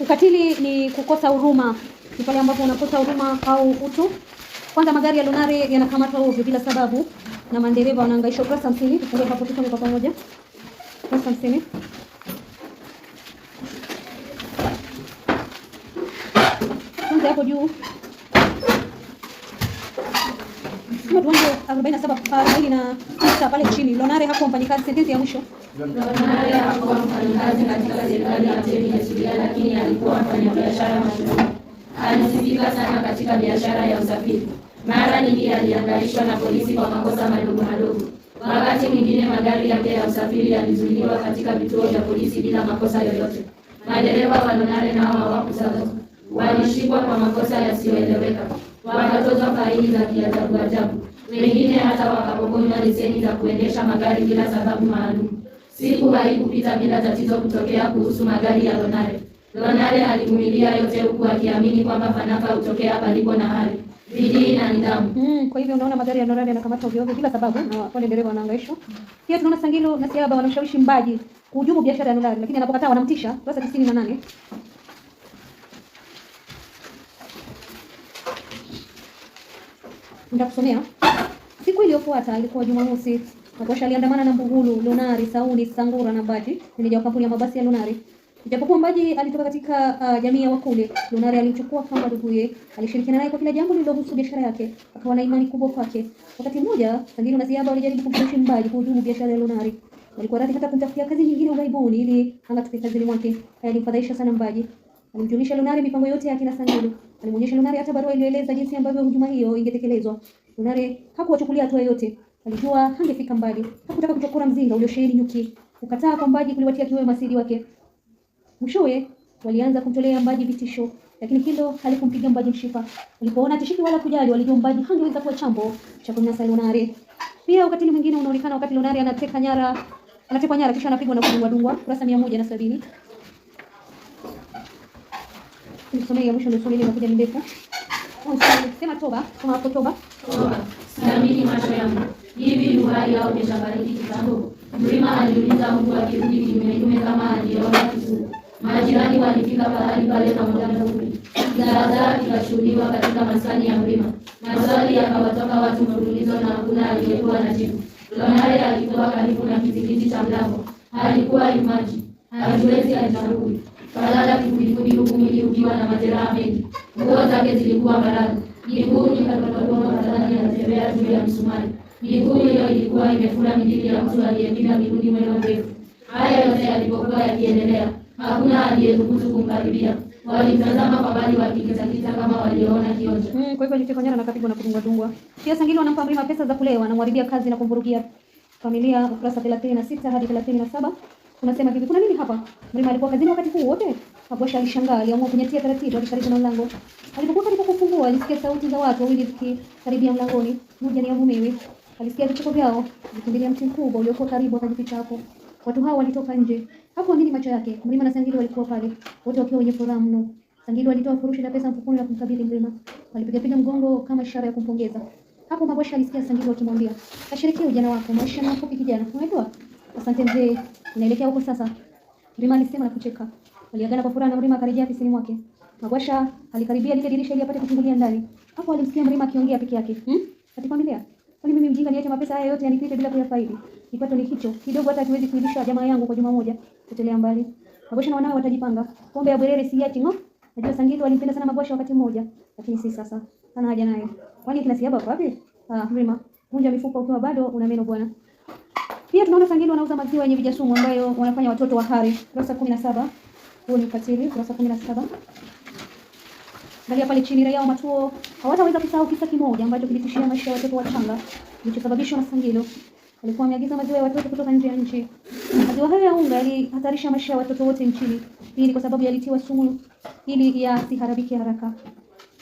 Ukatili ni kukosa huruma, ni pale ambapo unakosa huruma au utu. Kwanza magari ya Lunare yanakamatwa ovyo bila sababu na mandereva wanahangaishwa. Ukurasa hamsini, tufungue hapo tusome kwa pamoja. Ukurasa hamsini. Tuanze hapo juu. Sema tuanze arobaini na saba arobaini na tisa pale chini. Lonare hakuwa mfanyikazi, sentensi ya mwisho. Lonare hakuwa kazi katika serikali ya mtemi Jeshiria, lakini alikuwa biashara mashuhuri. Alisifika sana katika biashara ya usafiri. Mara nyingi aliangaishwa na polisi kwa makosa madogo madogo. Wakati mwingine magari yake ya usafiri yalizuiliwa katika vituo vya polisi bila makosa yoyote. Madereva walonare nao hawakusaza, walishikwa kwa makosa yasiyoeleweka, wakatozwa faini za kiajabu ajabu, wengine hata wakapokonywa leseni za kuendesha magari bila sababu maalum. Siku haikupita bila tatizo kutokea kuhusu magari ya Lonare. Lonare alivumilia yote huku akiamini kwamba fanaka hutokea palipo na hali bidii na nidhamu. Mm, kwa hivyo unaona magari ya Lonare yanakamata ovyo ovyo bila sababu na wale dereva wanahangaishwa. Pia tunaona Sangilo na Siaba wanamshawishi Mbaji kuhujumu biashara ya Lonare lakini anapokataa wanamtisha kurasa nane. Nitakusomea. Siku iliyofuata ilikuwa Jumamosi. Makwashi aliandamana na Mbugulu, Lunari, Sauni, Sangura na Mbaji meneja wa kampuni ya mabasi ya Lunari. Ijapokuwa Mbaji alitoka katika uh, jamii ya Wakule, Lunari alimchukua kama nduguye. Alishirikiana naye kwa kila jambo lililohusu biashara yake, akawa na imani kubwa kwake. Wakati mmoja, Sangilu na Ziaba walijaribu kumshawishi Mbaji kuhujumu biashara ya Lunari. Walikuwa radhi hata kumtafutia kazi nyingine ughaibuni ili angatuke kazini mwake. Haya alimfadhaisha sana Mbaji. Alimjulisha Lunari mipango yote yake na Sangilu. Alimwonyesha Lunari hata barua iliyoeleza jinsi ambavyo hujuma hiyo ingetekelezwa. Lunari hakuwachukulia hatua yoyote. Alijua hangefika mbali. Hakutaka kuchokora mzinga uliosheheni nyuki. Ukataa kwa Mbaji kuliwatia kiwewe masiri wake. Mwishowe walianza kumtolea Mbaji vitisho, lakini Kindo halikumpiga Mbaji mshipa. Walipoona atishiki wala kujali, walijua Mbaji hangeweza kuwa chambo cha kumnasa Lunare. Pia ukatili mwingine unaonekana wakati Lunare anateka nyara, anatekwa nyara kisha anapigwa na kudungwa dungwa, kurasa 170. Nisomee mwisho, nisomee, inakuja ni ndefu. Sema toba, kama hapo toba toba, siamini macho yangu. Hivi uhai au nitabariki kitambo? Mlima aliuliza huku akirudi kimegume kama aliyeona kizuu. Majirani walifika pahali pale na muda mfupi, zarazara ikashuhudiwa katika maskani ya mlima. Maswali yakawatoka watu mfululizo na hakuna aliyekuwa na jibu. Lonare alikuwa karibu na kizingiti cha mlango, alikuwa imaji hajiwezi, alitarudi kalala kifudifudi, huku mwili ukiwa na majeraha mengi. Nguo zake zilikuwa barani Miguuni palipokuwa Ramadhani juu ya msumari. Miguu hiyo ilikuwa imefura miili ya mtu aliyepinda mwendo mrefu. Haya yote yalipokuwa yakiendelea, hakuna aliyethubutu kumkaribia. Walimtazama kwa mbali wakikitakita kama walioona kionjo. Mm, kwa hivyo alitekwa nyara na kapigwa na kudungwa dungwa. Pia Sangili wanampa Mrima pesa za kulewa, wanamharibia kazi na kumvurugia familia. Ukurasa 36 hadi 37 unasema hivi, kuna nini hapa? Mrima alikuwa kazini wakati huu wote. Mabwasha alishangaa, aliamua kunyatia taratibu, alikaribia na mlango. Alipokuwa karibu kuwa alisikia sauti za watu wawili zikikaribia mlangoni, moja ni mumewe. Alisikia vicheko vyao vikimbilia mti mkubwa uliokuwa karibu, akajificha hapo. Watu hao walitoka nje, hakuamini macho yake. Mlima na Sangili walikuwa pale, wote wakiwa wenye furaha mno. Sangili alitoa furushi la pesa mfukoni na kumkabidhi Mlima. Walipigapiga mgongo kama ishara ya kumpongeza. Hapo Mabwasha alisikia Sangili akimwambia, "Kashirikia ujana wako, maisha ni mafupi kijana, unajua? Asante mzee, naelekea huko sasa." Mlima alisema na kucheka. Waliagana kwa furaha na Mlima akarejea ofisini mwake. Magwasha alikaribia lile dirisha ili apate kufungulia ndani. Hapo alimsikia Mrima akiongea peke yake. Hmm? familia. "Kwani mimi mjinga niache mapesa haya yote yanipite bila kuyafaidi? Kipato ni hicho, kidogo hata hatuwezi kuilisha jamaa yangu kwa juma moja." Tutelea mbali. Magwasha na wanawe watajipanga. Pombe ya Bwerere si yati ngo? Najua Sangili alimpenda sana Magwasha wakati mmoja, lakini si sasa. Hana haja naye. Kwani kina siaba kwa wapi? Ah, Mrima, vunja mifupa ukiwa bado una meno bwana. Pia tunaona Sangili wanauza maziwa yenye vijasumu ambayo wanafanya watoto wahari. Kurasa 17. Huo ni ukatili, kurasa 17. Angalia pale chini, raia wa Matuo hawataweza kusahau kisa kimoja ambacho kilitishia maisha ya watoto wachanga kilichosababishwa na sangilo. Walikuwa wameagiza maziwa ya watoto kutoka nje ya nchi. Maziwa hayo ya unga yalihatarisha maisha ya watoto wote nchini. Hii ni kwa sababu yalitiwa sumu ili yasiharibike haraka.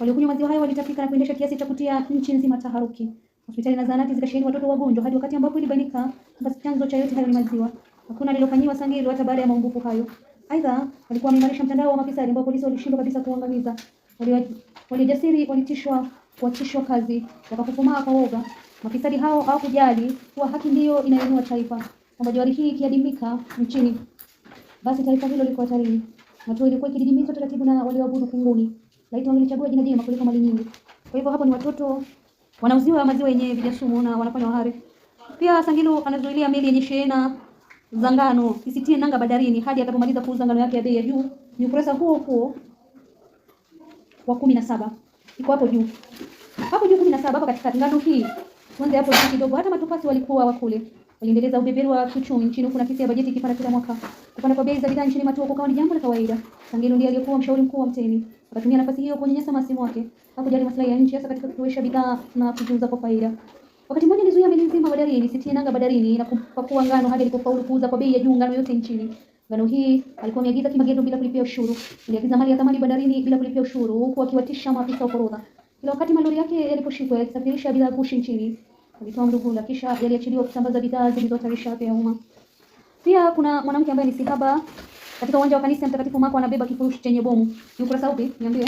Waliokunywa maziwa hayo walitapika na kuendesha kiasi cha kutia nchi nzima taharuki. Hospitali na zahanati zikasheheni watoto wagonjwa hadi wakati ambapo ilibainika kwamba chanzo cha yote hayo ni maziwa. Hakuna alilofanyiwa sangilo hata baada ya maumbuko hayo. Aidha, walikuwa wameimarisha mtandao wa mafisadi ambao polisi walishindwa kabisa kuangamiza. Waliojasiri walitishwa kuachishwa kazi, wakakukumaa kwa woga. Mafisadi hao hawakujali kuwa haki ndiyo inayoinua taifa, kwamba jwari hii ikiadimika nchini, basi taifa hilo liko hatarini. Hatua ilikuwa ikididimizwa taratibu na walioabudu kunguni. Laiti wangelichagua jina jema kuliko mali nyingi. Kwa hivyo hapo ni watoto wanauziwa maziwa yenye vijasumu na wanafanya wahari. Pia Sangilu anazuilia meli yenye shehena za ngano isitie nanga bandarini hadi atakapomaliza kuuza ngano yake ya bei ya juu. Ni ukurasa huo huo wa kumi na saba iko hapo juu, hapo juu kumi na saba hapo katikati. Ngano hii tuanze hapo juu kidogo. Hata matofasi walikuwa wa kule, waliendeleza ubeberu wa kiuchumi nchini huku, na kesi ya bajeti ikipanda kila mwaka. Kupanda kwa bei za bidhaa nchini Matuo kukawa ni jambo la kawaida. Sangelo ndiye aliyekuwa mshauri mkuu wa mtemi, akatumia nafasi hiyo kunyanyasa masimu wake. Hakujali maslahi ya nchi, hasa katika kutoesha bidhaa na kujiuza kwa faida. Wakati mmoja nilizuia meli nzima bandarini, sitie nanga bandarini na kupakua ngano hadi alipofaulu kuuza kwa bei ya juu ngano yote nchini. Ngano hii alikuwa ameagiza kimagendo bila kulipia ushuru, aliagiza mali ya thamani bandarini bila kulipia ushuru, huku akiwatisha maafisa wa forodha. Kila wakati malori yake yaliposhikwa yakisafirisha bidhaa kushi nchini, alitoa mdugula kisha yaliachiliwa kusambaza bidhaa zilizohatarisha afya ya umma. Pia kuna mwanamke ambaye ni sihaba katika uwanja wa kanisa Mtakatifu Marko anabeba kifurushi chenye bomu. Ni ukurasa upi? Niambie.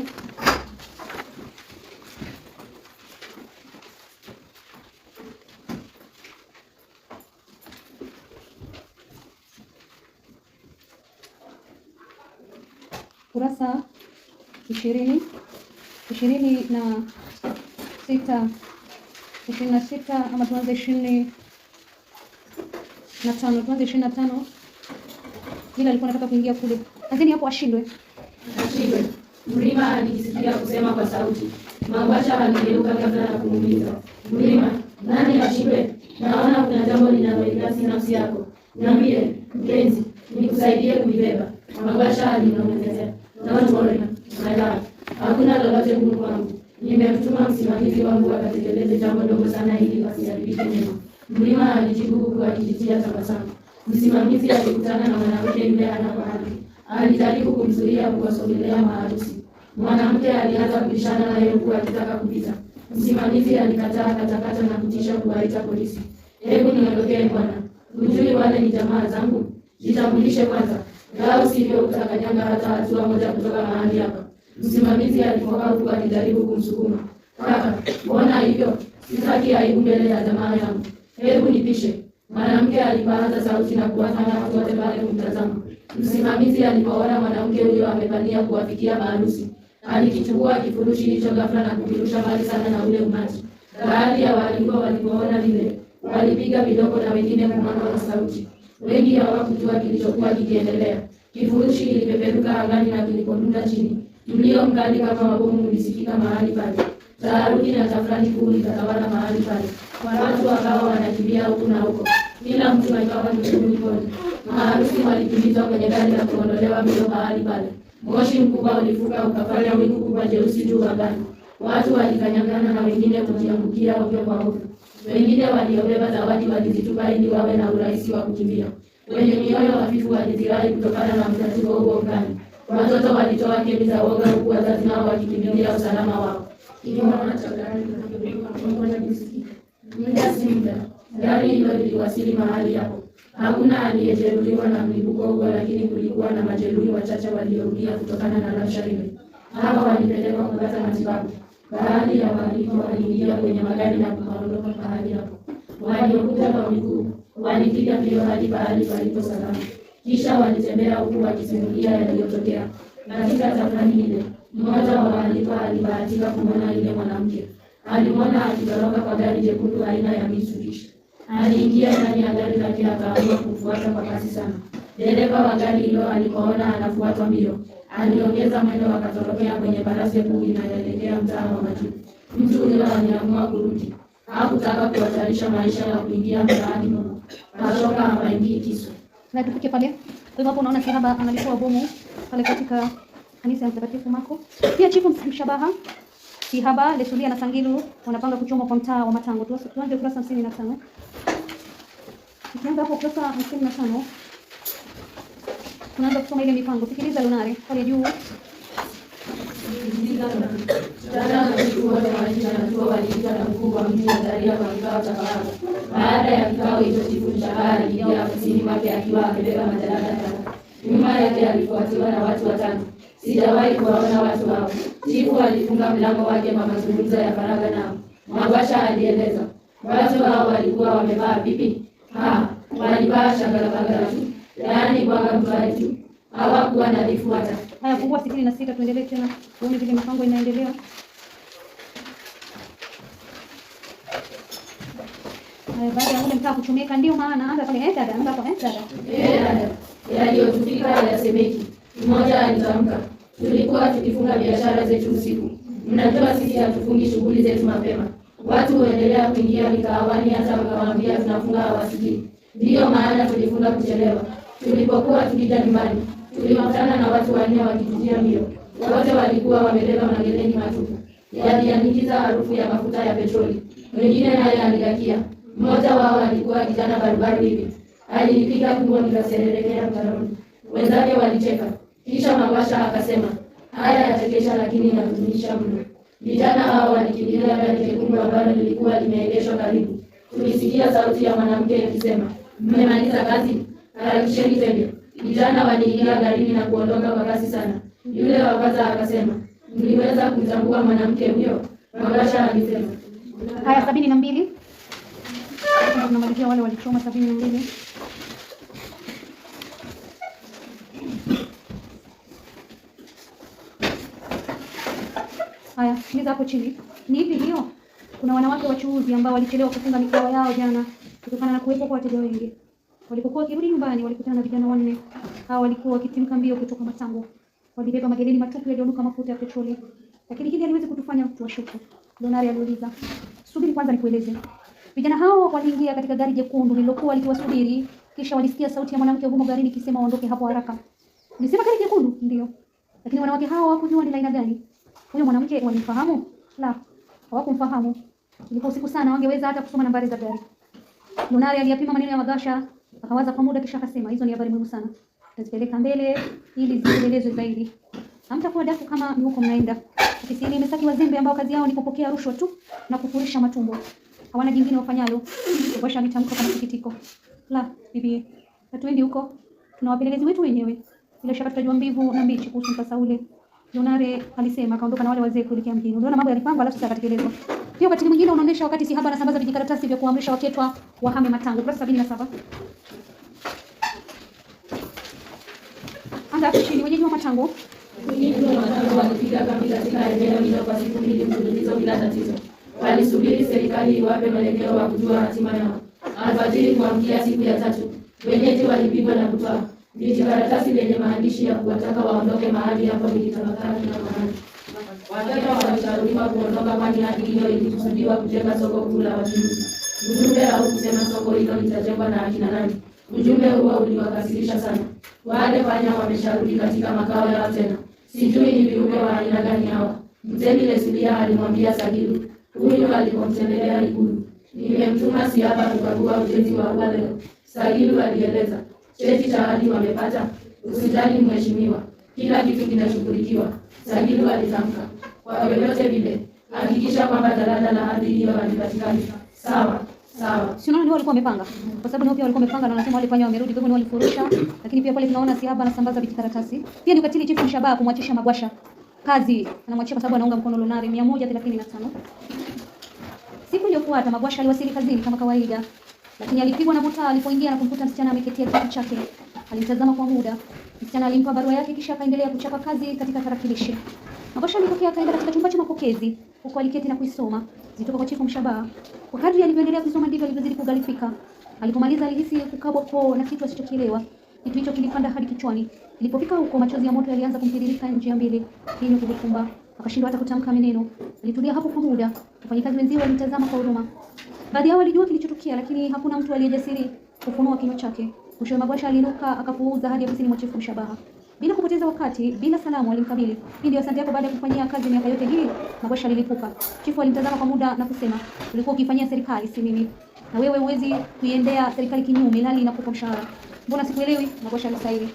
ishirini ishirini na sita ishirini na sita ama tuanze ishirini na tano tuanze ishirini na tano Ila alikuwa anataka kuingia kule, lakini hapo ashindwe, ashindwe. Mlima alijisikia kusema kwa sauti, Mabasha aligeuka ghafla na kumuuliza mlima, nani ashindwe? Naona kuna jambo linaloikasi nafsi yako, niambie mpenzi, nikusaidie kuibeba. Mabasha alimwongezea, naona salama. Hakuna lolote gumu kwangu. Nimemtuma msimamizi wangu akatekeleze jambo dogo sana ili pasiharibike neno. Mlima alijibu huku akijitia tabasamu. Msimamizi alikutana na mwanamke yule ana kwa Alijaribu kumzuia kuwasogelea maharusi. Mwanamke alianza kubishana naye huku akitaka kupita. Msimamizi alikataa katakata na kutisha kuwaita polisi. Hebu niondokee bwana, hujui wale ni jamaa zangu? Jitambulishe kwanza, lau sivyo utakanyaga hata hatua moja kutoka mahali hapa. Msimamizi alifoka huku akijaribu kumsukuma. Kaka, mbona hivyo? Sitaki aibu mbele ya jamaa yangu, hebu nipishe. Mwanamke alipaza sauti na kuwafanya watu wote pale kumtazama. Msimamizi alipoona mwanamke huyo amepania kuwafikia maharusi, alikichukua kifurushi hicho ghafla na kukirusha mbali sana na ule umati. Baadhi ya waalikwa walipoona vile walipiga vidogo na wengine kumanga wa sauti. Wengi hawakujua kilichokuwa kikiendelea. Kifurushi kilipeperuka angani na kilipodunda chini Mlio mkali kama wabomu ulisikika mahali pale. Taharuki na tafrani kuu ikatawala mahali pale. Watu wakawa wanakimbia huku na huko, kila mtu akawa ni shughuli Maharusi walikimbizwa kwenye gari na kuondolewa mbio mahali pale. Moshi mkubwa ulifuka ukafanya wingu kubwa jeusi juu angani. Watu walikanyangana na wengine kujiangukia ovyo kwa ovyo. Wengine waliobeba zawadi walizitupa ili wawe na urahisi wa kukimbia. Wenye mioyo hafifu walizirai kutokana na mtatizo huo ngani. Watoto walitoa kemi za woga huku wazazi nao wakikimbilia usalama wao. Kinyume cha gari na bisiki. Muda si muda, gari hilo liliwasili mahali hapo. Hakuna aliyejeruhiwa na mlipuko huo, lakini kulikuwa na majeruhi wachache waliorudia kutokana na rabsha ile. Hawa walipelekwa kupata matibabu. Baadhi ya wahalifu waliingia kwenye magari na kuondoka mahali hapo. Waliokuja kwa miguu walipiga mbio hadi pahali palipo salama. Kisha walitembea huku wakisimulia yaliyotokea. Katika tafrani ile, mmoja wa wahalifa alibahatika kumwona yule mwanamke. Alimwona akitoroka kwa gari jekundu aina ya Mitsubishi. Aliingia ndani ya gari lake, akaamua kufuata kwa kasi sana. Dereva wa gari hilo alipoona anafuatwa mbio, aliongeza mwendo, wakatorokea kwenye barabara kuu inayoelekea mtaa wa Majuu. Mtu huyo aliamua kurudi, hakutaka kuhatarisha maisha ya kuingia mtaani humo. Katoka hawaingii kisu. Kwa hivyo hapo unaona Kihaba analitoa bomu pale katika kanisa ya Mtakatifu Marko. Pia chifu mshabaha Kihaba, Letulia na Sangilu wanapanga kuchoma kwa mtaa wa Matango. Tuanze ukurasa 55. Tukianza hapo ukurasa 55. Tunaanza kusoma ile mipango. Sikiliza Lunare, pale juu. Jana na siku wote waliita na kuwa waliita na mkuu wa mji wa Daria kwa kikao cha baraza. Baada ya kikao hicho, chifu Mshahara aliingia ofisini mwake akiwa amebeba majalada tatu. Nyuma yake alifuatiwa na watu watano. Sijawahi kuwaona watu hao. Chifu alifunga mlango wake kwa mazungumzo ya faragha nao. Mwagwasha alieleza watu hao walikuwa wamevaa vipi? Ha, walivaa shagalabagala tu, yaani bwaga mtwari tu, hawakuwa nadhifu hata. Haya, fungua sitini na sita tuendelee tena tuone vile mipango inaendelea. Eh, baada ya muda mtaka kuchomeka, ndio maana anaanza pale, eh dada, anaanza pale, eh, dada, yaliyotufika hayasemeki. Mmoja alitamka, tulikuwa tukifunga biashara zetu usiku. Mnajua sisi hatufungi shughuli zetu mapema. Watu huendelea kuingia mikaawani, hata wakawaambia tunafunga hawasikii. Ndiyo maana tulifunga kuchelewa. Tulipokuwa tukija nyumbani, tuliwakutana na watu wanne wakitujia mbio. Wote walikuwa wamebeba mageleni matupu, yalianikiza harufu ya mafuta ya petroli. Mwingine naye alidakia mmoja wao alikuwa kijana barubaru hivi, alinipiga kumbo nikasererekea mtaroni. Wenzake walicheka, kisha Mawasha akasema, haya yachekesha, lakini inahuzunisha mno. Vijana hao walikimbilia gari jekundu ambalo lilikuwa limeegeshwa karibu. Tulisikia sauti ya mwanamke akisema, mmemaliza kazi, harakisheni tena. Vijana waliingia garini na kuondoka kwa kasi sana. Yule wa kwanza akasema, mliweza kumtambua mwanamke huyo? Mawasha alisema, haya sabini na mbili sababu tunamalizia wale walichoma sabini mbili. Haya, sikiliza hapo chini. Ni hivi hiyo? Kuna wanawake wachuuzi ambao walichelewa kufunga mikoa yao jana kutokana na kuwepo kwa wateja wengi. Walipokuwa wakirudi nyumbani, walikutana na vijana wanne. hawa walikuwa wakitimka mbio kutoka Matango, walibeba mageleni matupu yaliyonuka mafuta ya petroli, lakini hili haliwezi kutufanya mtu washuku. aliuliza, subiri kwanza nikueleze. Vijana hao waliingia katika gari jekundu lililokuwa likiwasubiri, kisha walisikia sauti ya mwanamke humo garini ikisema waondoke hapo haraka. Nisema gari jekundu? Ndio. Lakini wanawake hao hawakujua ni aina gani. Huyo mwanamke walimfahamu? La, hawakumfahamu. Ilikuwa usiku sana, wangeweza hata kusoma nambari za gari. Lunari aliyapima maneno ya Magasha, akawaza kwa muda kisha akasema, hizo ni habari muhimu sana. Tazipeleka mbele ili zielezwe zaidi. Hamtakuwa dafu kama ni huko mnaenda. Ofisini imesaki wazembe ambao kazi yao ni kupokea rushwa tu na kufurisha matumbo hawana jingine wafanyalo kuboresha mitamko kama sikitiko la bibi. Hatuendi huko, wapelelezi wetu wenyewe. Bila shaka tutajua mbivu na mbichi kuhusu msasa ule. Leonare alisema kaondoka na wale wazee kuelekea mjini. Unaona mambo yalipangwa alafu sasa yakatekelezwa. Pia wakati mwingine unaonesha wakati Sihaba anasambaza vijikaratasi vya kuamrisha waketwa wahame matango. Kurasa 77. Anga chini wenyeji wa matango. Wenyeji wa matango walipiga kambi katika eneo hilo kwa siku mbili mfululizo bila tatizo walisubiri serikali iwape mwelekeo wa kujua hatima yao. Alfajiri kuamkia siku ya tatu, wenyeji walipigwa na kutwaa vijikaratasi lenye maandishi ya kuwataka waondoke mahali hapo vilitapakaa kila mahali. Wakenya walishauriwa kuondoka, kwani hadi hiyo ilikusudiwa kujenga soko kuu la wachuuzi. Ujumbe au kusema soko hilo litajengwa na akina nani? Ujumbe huo uliwakasirisha sana. Wale Panya wamesharudi katika makao yao tena. Sijui ni viumbe wa aina gani hawa, Mtemi Lesulia alimwambia Sagilu Huyu alipomtembelea Ikulu, nimemtuma Siaba kukagua ujenzi wa ua leo. Sagilu alieleza, cheti cha hadi wamepata. Usijali mheshimiwa, kila kitu kinashughulikiwa, Sagilu alitamka. Kwa vyovyote vile, hakikisha kwamba jalada la ardhi hiyo halipatikani. Sawa. Sawa. Sio ndio walikuwa wamepanga. Kwa sababu ndio pia walikuwa wamepanga na wanasema walifanya wamerudi kwa hivyo walifurusha. Lakini pia pale tunaona Sihaba anasambaza vijikaratasi. Pia ni ukatili chifu Mshabaha kumwachisha Magwasha. Kazi anamwachia kwa sababu anaunga mkono Lunari 135. Siku iliyofuata Magwasha aliwasili kazini kama kawaida, lakini alipigwa na butaa alipoingia na kumkuta msichana ameketia kiti chake. Alimtazama kwa muda, msichana alimpa barua yake, kisha akaendelea kuchapa kazi katika tarakilishi. Magwasha alipokea akaenda katika chumba cha mapokezi, huko aliketi na kuisoma zitoka kwa Chifu Mshabaha. Kwa kadri alivyoendelea kusoma ndivyo alivyozidi kugalifika. Alipomaliza alihisi kukabwa koo na kitu asichokielewa. Kitu hicho kilipanda hadi kichwani. Ilipofika huko, machozi ya moto yalianza kumtiririka njia mbili, kinywa kuvifumba akashindwa hata kutamka maneno. Alitulia hapo kwa muda, wafanyakazi wenzio walimtazama kwa huruma. Baadhi yao walijua kilichotukia, lakini hakuna mtu aliyejasiri kufunua kinywa chake. Mwishowe Mabwasha alinuka akapuuza hadi ofisini mwa chifu Shabaha bila kupoteza wakati, bila salamu alimkabili. Hii ndio asante yako baada ya kufanyia kazi miaka yote hii? Mabwasha alilipuka. Chifu alimtazama kwa muda na kusema, ulikuwa ukifanyia serikali, si mimi, na wewe huwezi kuiendea serikali kinyume, ilhali inakupa mshahara. Mbona sikuelewi? Mabwasha alisaili.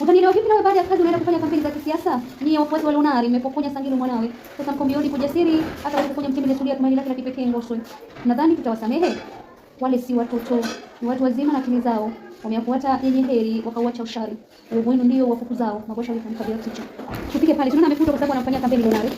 Utanielewa vipi nawe baada ya kazi unaenda kufanya kampeni za kisiasa? Ni wafuasi wa Lunari mmepokonya sangili mwanawe. Sasa mko mbioni kujasiri hata kufanya mtimbe Letulia tumaini lake la kipekee Ngoswe. Nadhani tutawasamehe. Wale si watoto, ni watu wazima na akili zao. Wameafuata yenye heri wakauacha ushari. Wewe ndio wafukuzao. Magosha alifanya kabila kichwa. Tupige pale. Tunaona amefutwa kwa sababu anamfanyia kampeni Lunari.